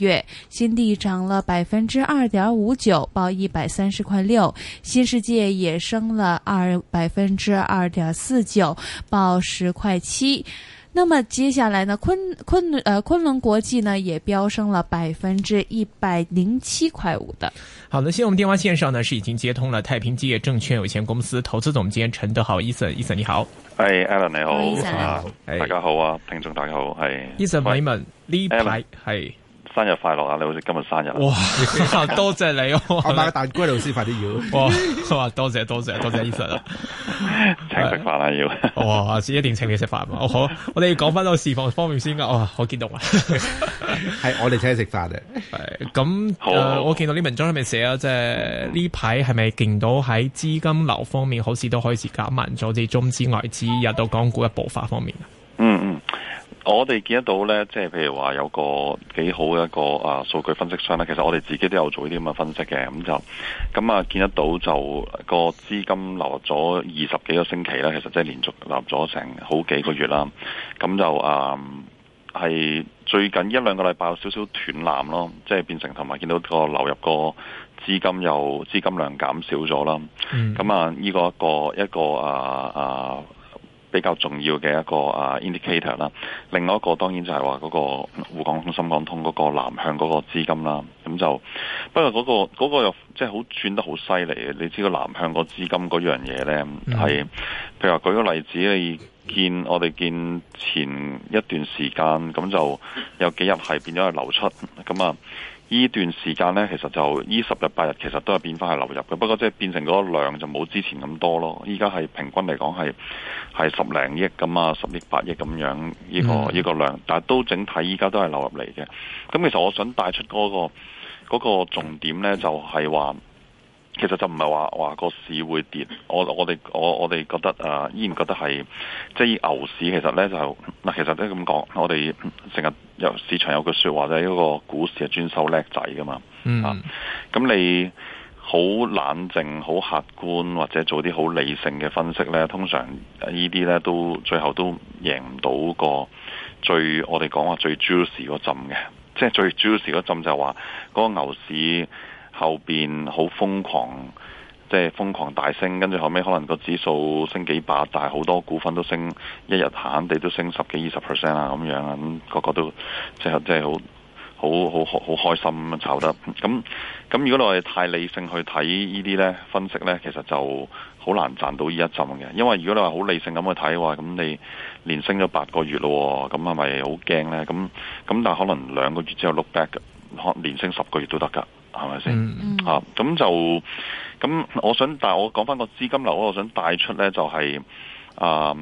月新地漲了百分之二點五九，報一百三十塊六；新世界也升了二百分之二點四九，報十塊七。那麼接下來呢？昆昆，昆，呃，昆崙國際呢也飆升了百分之一百零七塊五的。好的，先我們電話線上呢是已經接通了太平基業證券有限公司投資總監陳德豪，Eason，Eason 你好。誒、hey，Alan 你好、Eason 啊，大家好啊，聽眾大家好，係。Eason 偉文呢排係。生日快樂啊！你好似今日生日，哇！多謝你，我買個蛋糕嚟，老師快啲要。哇！多謝多謝多謝醫生啊！請食飯啊要。 哇！一定要請你食飯。好，我哋講翻個示範方面先噶。哇！我見到啊，係我哋請你食飯嘅。咁，我見、呃、好到啲文章係咪寫啊？即係呢排係咪見到喺資金流方面，好似都可以是減慢咗啲中資外資入到港股嘅步伐方面。嗯嗯。我哋見得到呢，即係譬如話有個幾好嘅一個，一個啊數據分析商啦。其實我哋自己都有做呢啲咁嘅分析嘅。咁、嗯、就咁啊，見得到就個、啊、資金流入咗二十幾個星期啦。其實即係連續流入咗成好幾個月啦。咁、嗯、就啊，係最近一兩個禮拜有少少斷纜咯，即係變成同埋見到個流入個資金又資金量減少咗啦。咁啊，呢、嗯、個一個一個啊啊。啊比較重要嘅一個啊 indicator 啦，另外一個當然就係話嗰個滬港通、深港通嗰個南向嗰個資金啦，咁就不過嗰、嗰個嗰個又即係好轉得好犀利嘅，你知道南向個資金嗰樣嘢呢，係，譬如話舉個例子，你見我哋見前一段時間咁就有幾日係變咗係流出，咁啊。呢段時間呢，其實就依十日八日，其實都係變返係流入嘅。不過即係變成嗰個量就冇之前咁多咯。依家係平均嚟講係係十零億咁啊，十億八億咁樣，呢個呢個量，但係都整體依家都係流入嚟嘅。咁其實我想帶出嗰個嗰個重點呢，就係話。其實就唔係話話個市會跌，我我哋我我哋覺得誒、啊，依然覺得係即係牛市其呢，其實咧就嗱，其實都係咁講，我哋成日有市場有句說話就係、是、一個股市係專收叻仔噶嘛，嗯、啊，咁你好冷靜、好客觀或者做啲好理性嘅分析咧，通常呢啲咧都最後都贏唔到個最我哋講話最 juicy 嗰陣嘅，即係最 juicy 嗰陣就係話嗰個、那個牛市。後邊好瘋狂，即係瘋狂大升，跟住後尾可能個指數升幾百，但係好多股份都升，一日慳地都升十幾二十 percent 啊，咁樣啊，咁個個都即係即係好好好好開心咁炒得。咁咁如果你係太理性去睇呢啲呢分析呢，其實就好難賺到呢一浸嘅。因為如果你話好理性咁去睇嘅話，咁你連升咗八個月咯，咁係咪好驚呢？咁咁但係可能兩個月之後 look back，連升十個月都得噶。係咪先？是是嗯、啊，咁就咁，我想但係我講翻個資金流，我想帶出呢就係、是、啊，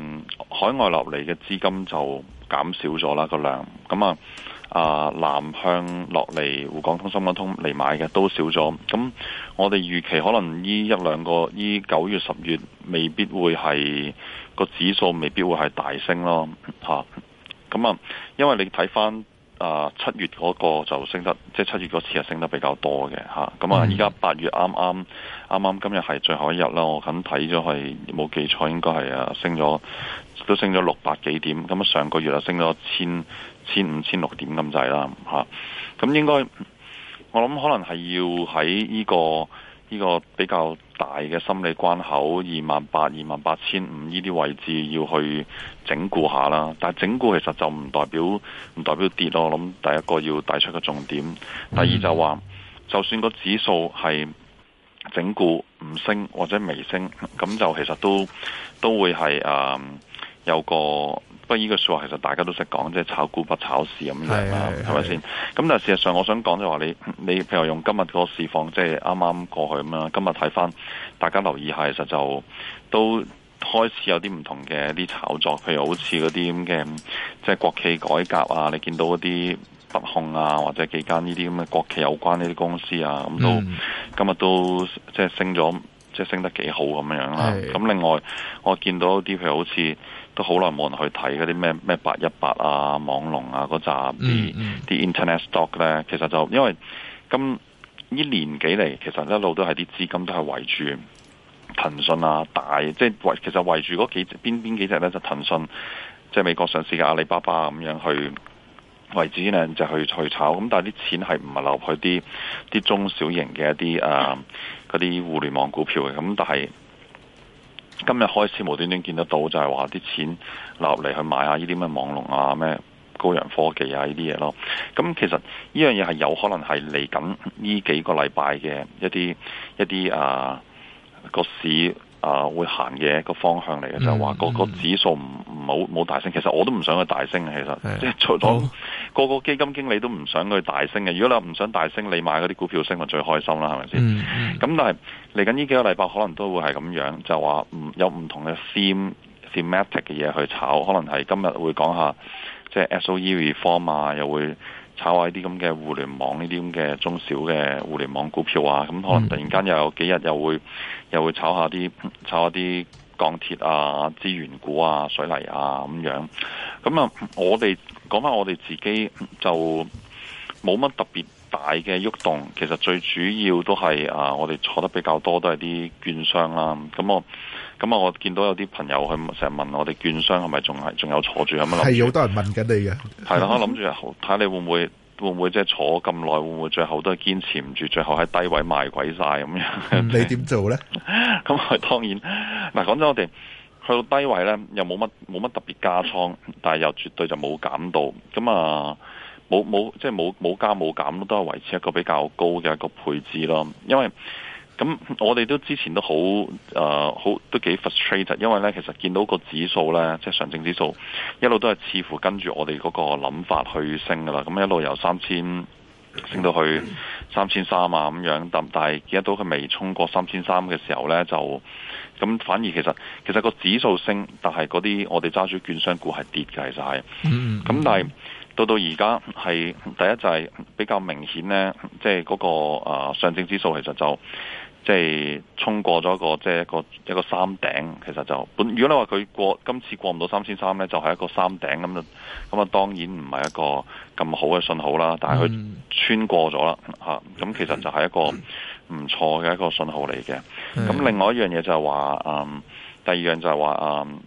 海外落嚟嘅資金就減少咗啦個量。咁，啊啊，南向落嚟滬港通、深港通嚟買嘅都少咗。咁、啊、我哋預期可能呢一兩個呢九月、十月未必會係個指數未必會係大升咯。吓、啊，咁啊，因為你睇翻。啊！七月嗰個就升得，即係七月嗰次係升得比較多嘅嚇。咁啊，依家八月啱啱啱啱今日係最後一日啦。我咁睇咗係冇記錯，應該係啊升咗都升咗六百幾點。咁啊，上個月啊升咗千千五千六點咁滯啦嚇。咁應該我諗可能係要喺呢個。呢個比較大嘅心理關口，二萬八、二萬八千五呢啲位置要去整固下啦。但係整固其實就唔代表唔代表跌咯。我諗第一個要帶出個重點，第二就話，就算個指數係整固唔升或者微升，咁就其實都都會係誒、呃、有個。依個説話其實大家都識講，即係炒股不炒市咁樣啦，係咪先？咁但係事實上，我想講就話你，你譬如用今日個市況，即係啱啱過去咁啦。今日睇翻，大家留意下，其實就都開始有啲唔同嘅啲炒作，譬如好似嗰啲咁嘅，即係國企改革啊，你見到一啲北控啊，或者幾間呢啲咁嘅國企有關呢啲公司啊，咁都、嗯、今日都即係升咗，即係升，升得幾好咁樣啦。咁是是 另外，我見到啲譬如好似。都好耐冇人去睇嗰啲咩咩八一八啊、網龍啊嗰紮啲啲 internet stock 咧，其實就因為今呢年幾嚟，其實一路都係啲資金都係圍住騰訊啊、大，即係圍其實圍住幾邊邊幾隻咧，就騰訊，即係美國上市嘅阿里巴巴咁樣去為止咧，就去去炒。咁但係啲錢係唔係流去啲啲中小型嘅一啲啊嗰啲互聯網股票嘅？咁但係。今日開始無端端見得到，就係話啲錢落嚟去買下呢啲咩網龍啊、咩、啊、高陽科技啊呢啲嘢咯。咁、嗯嗯、其實呢樣嘢係有可能係嚟緊呢幾個禮拜嘅一啲一啲啊個市啊會行嘅一個方向嚟嘅，嗯嗯、就係話嗰個指數唔唔好冇大升。其實我都唔想佢大升，其實即係、嗯、做到。個個基金經理都唔想佢大升嘅。如果你話唔想大升，你買嗰啲股票升咪最開心啦，係咪先？咁、mm hmm. 但係嚟緊呢幾個禮拜可能都會係咁樣，就話唔有唔同嘅 th theme、thematic 嘅嘢去炒，可能係今日會講下即係 SOE Reform 啊，又會炒下啲咁嘅互聯網呢啲咁嘅中小嘅互聯網股票啊，咁可能突然間又有幾日又會又會炒下啲、嗯、炒下啲。鋼鐵啊、資源股啊、水泥啊咁樣，咁啊，我哋講翻我哋自己就冇乜特別大嘅喐動，其實最主要都係啊，我哋坐得比較多都係啲券商啦。咁我咁啊，我，我見到有啲朋友佢成日問我哋券商係咪仲係仲有坐住咁樣，係有好多人問緊你嘅，係啦，我諗住睇下你會唔會。會唔會即係坐咁耐？會唔會最後都係堅持唔住？最後喺低位賣鬼晒咁樣、嗯？你點做咧？咁啊、 嗯，當然嗱，講真，我哋去到低位咧，又冇乜冇乜特別加倉，但係又絕對就冇減到。咁啊，冇冇即係冇冇加冇減，都係維持一個比較高嘅一個配置咯。因為咁我哋都之前都好誒好都幾 frustrated，因為咧其實見到個指數咧，即係上證指數一路都係似乎跟住我哋嗰個諗法去升噶啦，咁一路由三千升到去三千三啊咁樣，但但係見到佢未衝過三千三嘅時候咧，就咁反而其實其實個指數升，但係嗰啲我哋揸住券商股係跌嘅，其實係，咁、mm hmm. 但係到到而家係第一就係比較明顯咧，即係嗰個、呃、上證指數其實就。即係衝過咗個即係一個即一個山頂，其實就本，如果你話佢過今次過唔到三千三咧，就係、是、一個山頂咁就，咁啊當然唔係一個咁好嘅信號啦。但係佢穿過咗啦、吓、啊、咁其實就係一個唔錯嘅一個信號嚟嘅。咁、嗯、另外一樣嘢，就係話，嗯，第二樣就係話，嗯，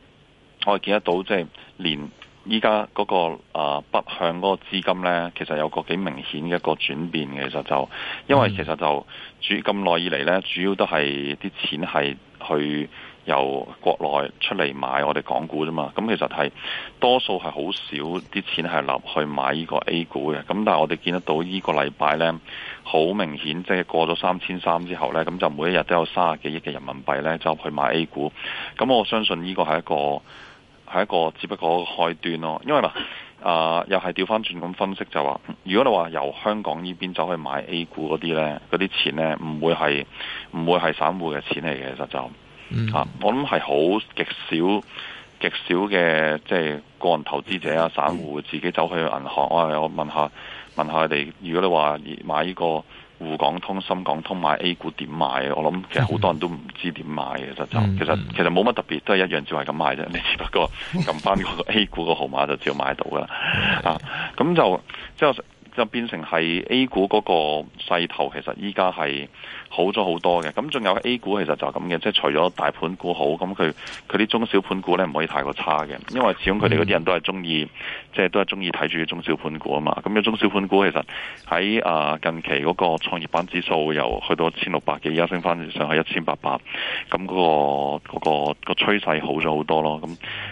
我哋見得到即係連。依家嗰個北向嗰個資金呢，其實有個幾明顯嘅一個轉變嘅，其實就因為其實就主咁耐以嚟呢，主要都係啲錢係去由國內出嚟買我哋港股啫嘛。咁、嗯、其實係多數係好少啲錢係立去買呢個 A 股嘅。咁但係我哋見得到呢個禮拜呢，好明顯即係過咗三千三之後呢，咁、嗯、就每一日都有三十幾億嘅人民幣呢，就去買 A 股。咁、嗯、我相信呢個係一個。係一個只不過一個開端咯，因為嘛，啊、呃、又係調翻轉咁分析就話，如果你話由香港呢邊走去買 A 股嗰啲呢，嗰啲錢呢唔會係，唔會係散戶嘅錢嚟嘅，其實就、嗯、啊，我諗係好極少極少嘅即係個人投資者啊散戶自己走去銀行啊、哎，我問下問下佢哋，如果你話買呢、呢個。滬港通、深港通買 A 股點買啊？我諗其實好多人都唔知點買嘅，嗯、就其實其實冇乜特別，都係一樣，只係咁買啫。你只不過撳翻個 A 股個號碼就只要買到噶啦。嗯、 啊，咁就即係。就變成係 A 股嗰個勢頭，其實依家係好咗好多嘅。咁仲有 A 股其實就咁嘅，即係除咗大盤股好，咁佢佢啲中小盤股咧唔可以太過差嘅，因為始終佢哋嗰啲人都係中意，即係都係中意睇住中小盤股啊嘛。咁有中小盤股其實喺啊近期嗰個創業板指數又去到一千六百幾，而家升翻上去一千八百，咁嗰個嗰個趨勢好咗好多咯。咁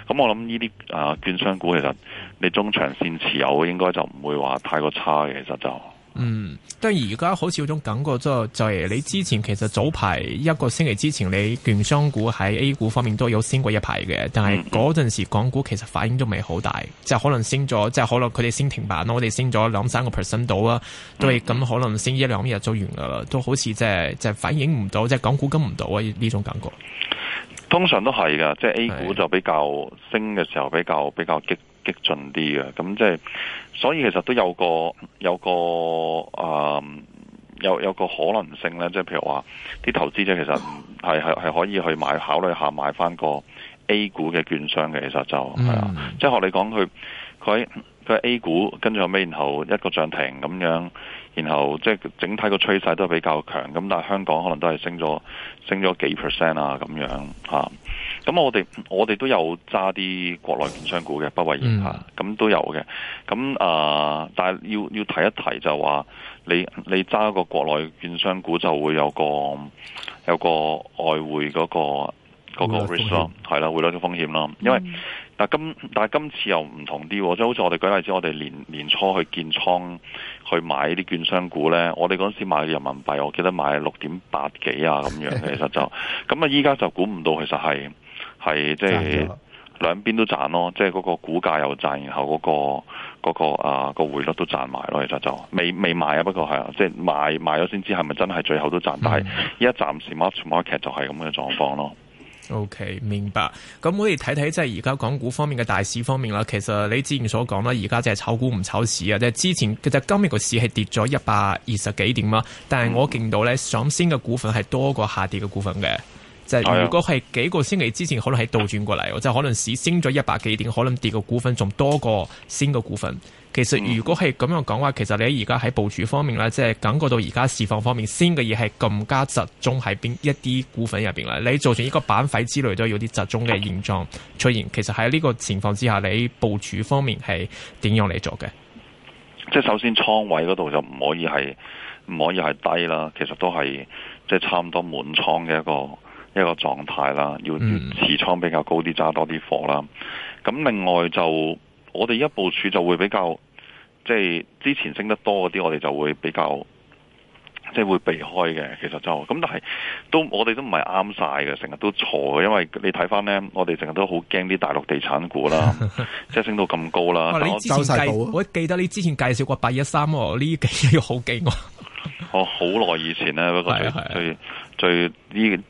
咁我諗呢啲啊券商股其實你中長線持有應該就唔會話太過差。啊，其實就嗯，但係而家好似有種感覺，就係，即係就係你之前，其實早排一個星期之前，你券商股喺 A 股方面都有升過一排嘅，但係嗰陣時港股其實反應都未好大，即係可能升咗，即係可能佢哋升停板咯，我哋升咗兩三個 percent 到啊，都係咁可能升一兩日就完噶啦，都好似即係即係反映唔到，即係港股跟唔到啊呢種感覺。通常都係噶，即係 A 股就比較升嘅時候比較比較激。激進啲嘅，咁即係，所以其實都有個有個啊、呃，有有個可能性咧，即係譬如話，啲投資者其實係係係可以去買考慮下買翻個 A 股嘅券商嘅，其實就係 mm hmm. 即係學你講佢佢佢 A 股跟住後尾，然後一個漲停咁樣。然後即係整體個趨勢都比較強，咁但係香港可能都係升咗升咗幾 percent 啊咁樣嚇。咁、啊、我哋我哋都有揸啲國內券商股嘅，不為然嚇。咁、啊、都有嘅。咁啊，但係要要提一提就話，你你揸個國內券商股就會有個有個外匯嗰、嗰個嗰個係啦，匯率嘅風險咯。因為、嗯、但今但係今次又唔同啲，即係好似我哋舉例子，我哋年年初去建倉。去買啲券商股咧，我哋嗰陣時買人民幣，我記得買六點八幾啊咁樣，其實就咁啊！依家就估唔到，其實係係即係兩邊都賺咯，即係嗰個股價又賺，然後嗰、嗰個、嗰個啊個匯率都賺埋咯，其實就未未賣啊，不過係啊即係賣賣咗先知係咪真係最後都賺， 但係依家暫時 mark Market 就係咁嘅狀況咯。O、okay, K，明白。咁我哋睇睇即係而家港股方面嘅大市方面啦。其實你之前所講啦，而家即係炒股唔炒市啊。即係之前，其實今日個市係跌咗一百二十幾點啦，但係我見到咧，上升嘅股份係多過下跌嘅股份嘅。就如果係幾個星期之前，可能係倒轉過嚟，即係可能市升咗一百幾點，可能跌嘅股份仲多過先嘅股份。其實如果係咁樣講話，其實你而家喺部署方面咧，即係感覺到而家市況方面，先嘅嘢係更加集中喺邊一啲股份入邊啦。你做住呢個板塊之類都有啲集中嘅現狀出現。其實喺呢個情況之下，你部署方面係點樣嚟做嘅？即係首先倉位嗰度就唔可以係唔可以係低啦，其實都係即係差唔多滿倉嘅一個一個狀態啦，要持倉比較高啲，揸多啲貨啦。咁另外就我哋一部署就會比較，即、就、係、是、之前升得多嗰啲，我哋就會比較即係、就是、會避開嘅。其實就咁，但係都我哋都唔係啱晒嘅，成日都錯嘅。因為你睇翻咧，我哋成日都好驚啲大陸地產股啦， 即係升到咁高啦。哦、但我我記得你之前介紹過八一三喎，呢幾好勁我。好 耐、哦、以前咧，不過係係。對，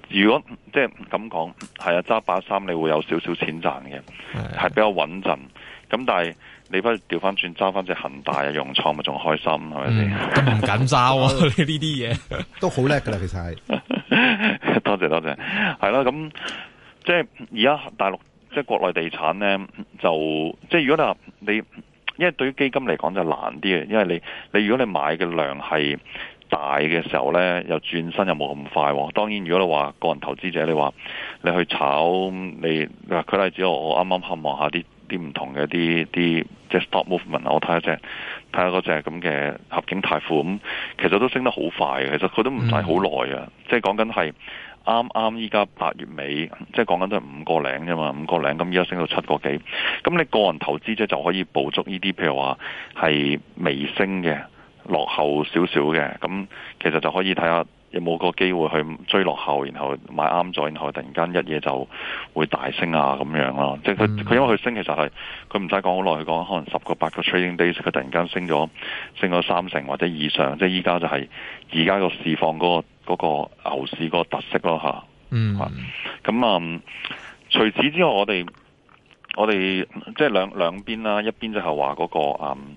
如果即係咁講，係啊，揸把三你會有少少錢賺嘅，係的比較穩陣。咁但係你不如調翻轉揸翻隻恒大啊，融創咪仲開心，係咪先？咁唔敢揸呢啲嘢，都好叻噶啦， 其實係 是。 多謝多謝，係啦。咁即係而家大陸即係國內地產咧，就即係如果你話，你因為對於基金嚟講就難啲嘅，因為你你，你如果你買嘅量係。大嘅時候呢，又轉身又冇咁快喎、啊。當然，如果你話個人投資者，你話你去炒你嗱，舉例子我啱啱看望下啲啲唔同嘅啲啲即係 stock movement，我睇一隻睇下嗰隻咁嘅合景泰富咁，其實都升得好快嘅。其實佢都唔使好耐啊，即係講緊係啱啱依家八月尾，即係講緊都五個零啫嘛，五個零咁，依家升到七個幾。咁、嗯、你個人投資者就可以捕捉呢啲，譬如話係微升嘅。落後少少嘅，咁、嗯、其實就可以睇下有冇個機會去追落後，然後買啱咗，然後突然間一夜就會大升啊，咁樣咯。即係佢佢因為佢升，其實係佢唔使講好耐，佢講可能十個八個 trading days，佢突然間升咗升咗三成或者以上。即係依家就係而家個市況嗰個嗰個牛市個特色咯，吓、嗯啊。嗯。咁啊，除此之外我，我哋我哋即係兩兩邊啦，一邊就係話嗰個啊。嗯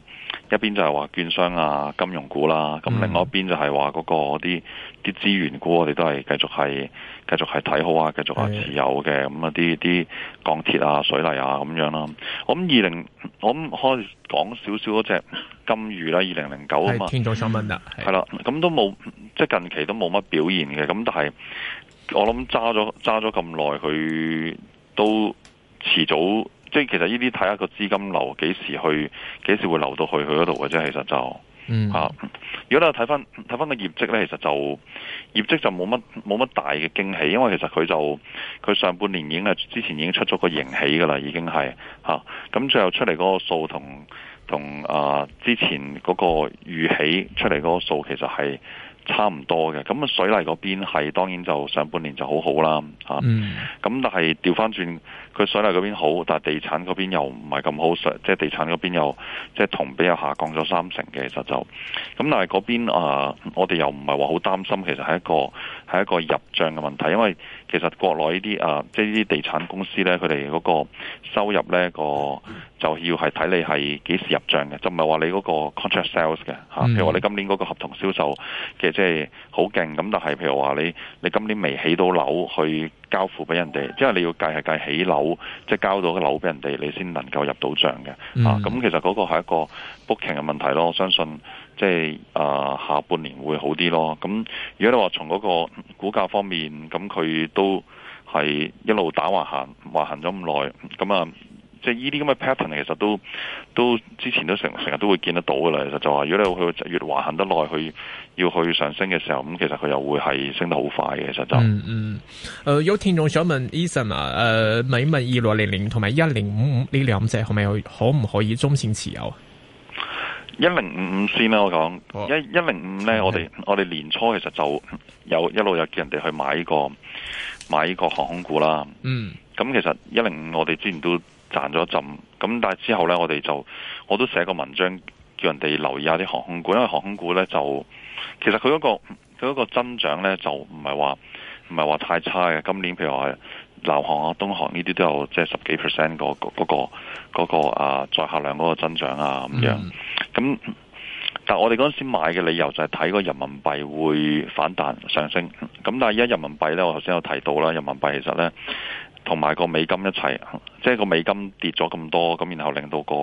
一邊就係話券商啊、金融股啦，咁、嗯、另外一邊就係話嗰個啲啲資源股我，我哋都係繼續係繼續係睇好啊，繼續係持有嘅。咁啊啲啲鋼鐵啊、水泥啊咁樣啦、啊。我咁二零，我可以講少少嗰隻金隅啦，二零零九啊嘛。係天新蚊啊。係啦，咁都冇，即係近期都冇乜表現嘅，咁但係我諗揸咗揸咗咁耐，佢都遲早。即係其實呢啲睇下個資金流幾時去，幾時會流到去佢嗰度嘅啫。其實就，吓、嗯啊，如果你睇翻，睇翻個業績咧，其實就業績就冇乜冇乜大嘅驚喜，因為其實佢就佢上半年已經係之前已經出咗個盈喜噶啦，已經係吓，咁、啊、最後出嚟嗰個數同同啊之前嗰個預起出嚟嗰個數其實係。差唔多嘅，咁水泥嗰邊係當然就上半年就好好啦，嚇、嗯，咁、啊、但係調翻轉，佢水泥嗰邊好，但係地產嗰邊又唔係咁好，即係地產嗰邊又即係同比又下降咗三成嘅，其實就，咁但係嗰邊啊，我哋又唔係話好擔心，其實係一個係一個入賬嘅問題，因為。其實國內呢啲啊，即係呢啲地產公司咧，佢哋嗰個收入咧，個就要係睇你係幾時入帳嘅，就唔係話你嗰個 contract sales 嘅嚇、啊。譬如話你今年嗰個合同銷售嘅即係好勁，咁但係譬如話你你今年未起到樓去。交付俾人哋，即係你要計係計起樓，即係交到個樓俾人哋，你先能夠入到帳嘅、嗯、啊。咁其實嗰個係一個 booking 嘅問題咯。我相信即係啊、呃、下半年會好啲咯。咁如果你話從嗰個股價方面，咁佢都係一路打橫行，橫行咗咁耐，咁啊。即係呢啲咁嘅 pattern，其實都都之前都成成日都會見得到噶啦。其實就話、是，如果你去越橫行得耐，佢要去上升嘅時候，咁其實佢又會係升得好快嘅。其實就是、嗯誒、嗯呃、有聽眾想問 Eason 啊，誒咪物二六零零同埋一零五五呢兩隻係咪可唔可以中線持有啊？一零五五先啦，我講一一零五咧，我哋我哋年初其實就有一路有叫人哋去買呢個買呢個航空股啦。嗯，咁其實一零五我哋之前都。賺咗一陣，咁但係之後呢，我哋就我都寫個文章叫人哋留意下啲航空股，因為航空股呢，就其實佢嗰個嗰個增長呢，就唔係話唔係話太差嘅。今年譬如話南航啊、東航呢啲都有即係十幾 percent 嗰個嗰個嗰個啊載客量嗰個增長啊咁、mm. 樣。咁但係我哋嗰陣時買嘅理由就係睇個人民幣會反彈上升。咁但係而家人民幣呢，我頭先有提到啦，人民幣其實呢，同埋個美金一齊。即係個美金跌咗咁多，咁然後令到個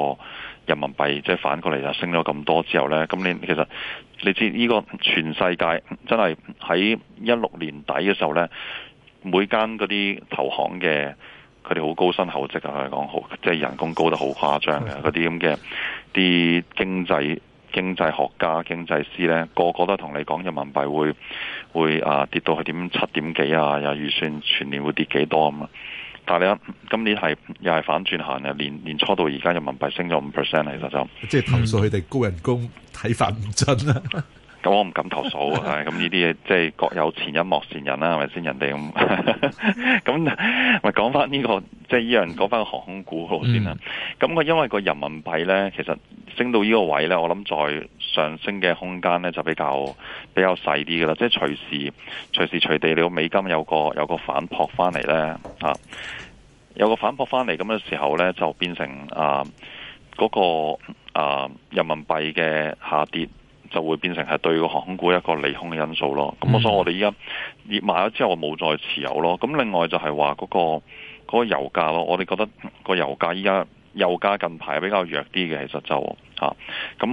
人民幣即係反過嚟，就升咗咁多之後呢。今年你其實你知呢個全世界真係喺一六年底嘅時候呢，每間嗰啲投行嘅佢哋好高薪厚職啊，佢哋講好即係人工高得好誇張啊，嗰啲咁嘅啲經濟經濟學家、經濟師呢，個個都同你講人民幣會會啊跌到去點七點幾啊，又預算全年會跌幾多啊嘛。.但係你今年係又係反轉行嘅，年年初到而家人民幣升咗五 percent，其實就即係投訴佢哋高人工睇法唔真啦。 咁我唔敢投訴啊。咁呢啲嘢，即係、就是、各有前因莫羨人啦，係咪先？人哋咁咁，咪講翻呢個即係依樣講翻個航空股先啦。咁佢、嗯、因為個人民幣咧，其實升到呢個位咧，我諗再上升嘅空間咧就比較比較細啲嘅啦。即、就、係、是、隨時隨時隨地，你個美金有個有個反撲翻嚟咧，嚇、啊、有個反撲翻嚟咁嘅時候咧，就變成啊嗰、那個啊人民幣嘅下跌。就會變成係對個航空股一個利空嘅因素咯。咁我、嗯、所以我哋依家熱買咗之後冇再持有咯。咁另外就係話嗰個、嗰個油價咯，我哋覺得個油價依家油價近排比較弱啲嘅，其實就吓。咁、啊、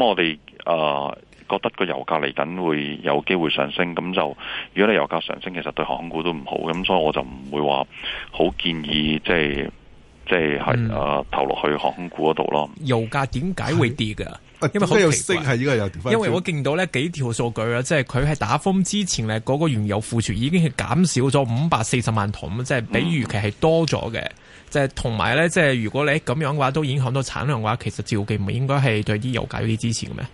我哋誒、啊、覺得個油價嚟緊會有機會上升。咁就如果你油價上升，其實對航空股都唔好。咁、嗯、所以我就唔會話好建議即係即係係誒投落去航空股嗰度咯。油價點解會跌嘅？因為好，有家升係，呢家有。因為我見到呢幾條數據啦，即係佢喺打風之前咧，嗰個原油庫存已經係減少咗五百四十萬桶，即係比預期係多咗嘅，嗯。即係同埋咧，即係如果你咁樣嘅話，都影響到產量嘅話，其實照計唔應該係對啲油價有啲支持嘅咩？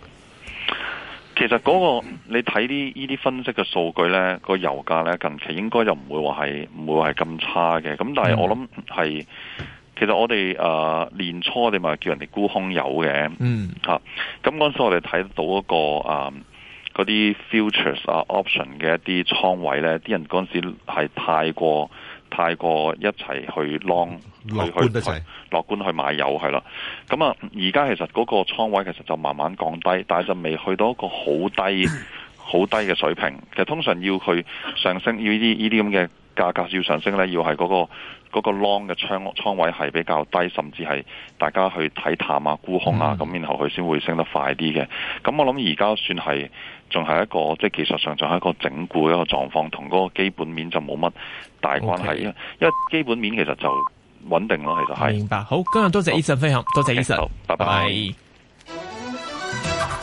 其實嗰、嗰個你睇啲依啲分析嘅數據咧，個油價咧近期應該就唔會話係唔會話係咁差嘅。咁、嗯、但係我諗係。其實我哋誒、呃、年初你咪叫人哋沽空油嘅，嚇咁嗰陣時我哋睇到、嗰個啊 ures, 啊、一個啊嗰啲 futures 啊 option 嘅一啲倉位咧，啲人嗰陣時係太過太過一齊去 long 去去去，去樂觀去買油係啦，咁、嗯、啊而家其實嗰個倉位其實就慢慢降低，但係就未去到一個好低好 低嘅水平。其實通常要去上升要呢啲呢啲咁嘅價格要上升咧，要係嗰、嗰個。嗰個 long 嘅倉倉位係比較低，甚至係大家去睇淡啊沽空啊，咁、嗯、然後佢先會升得快啲嘅。咁我諗而家算係仲係一個即係技術上仲係一個整固一個狀況，同嗰個基本面就冇乜大關係。Okay. 因為基本面其實就穩定咯，其實係明白。好，今日多謝 Eason、分享，多好謝 Eason，Okay. 拜拜。拜拜。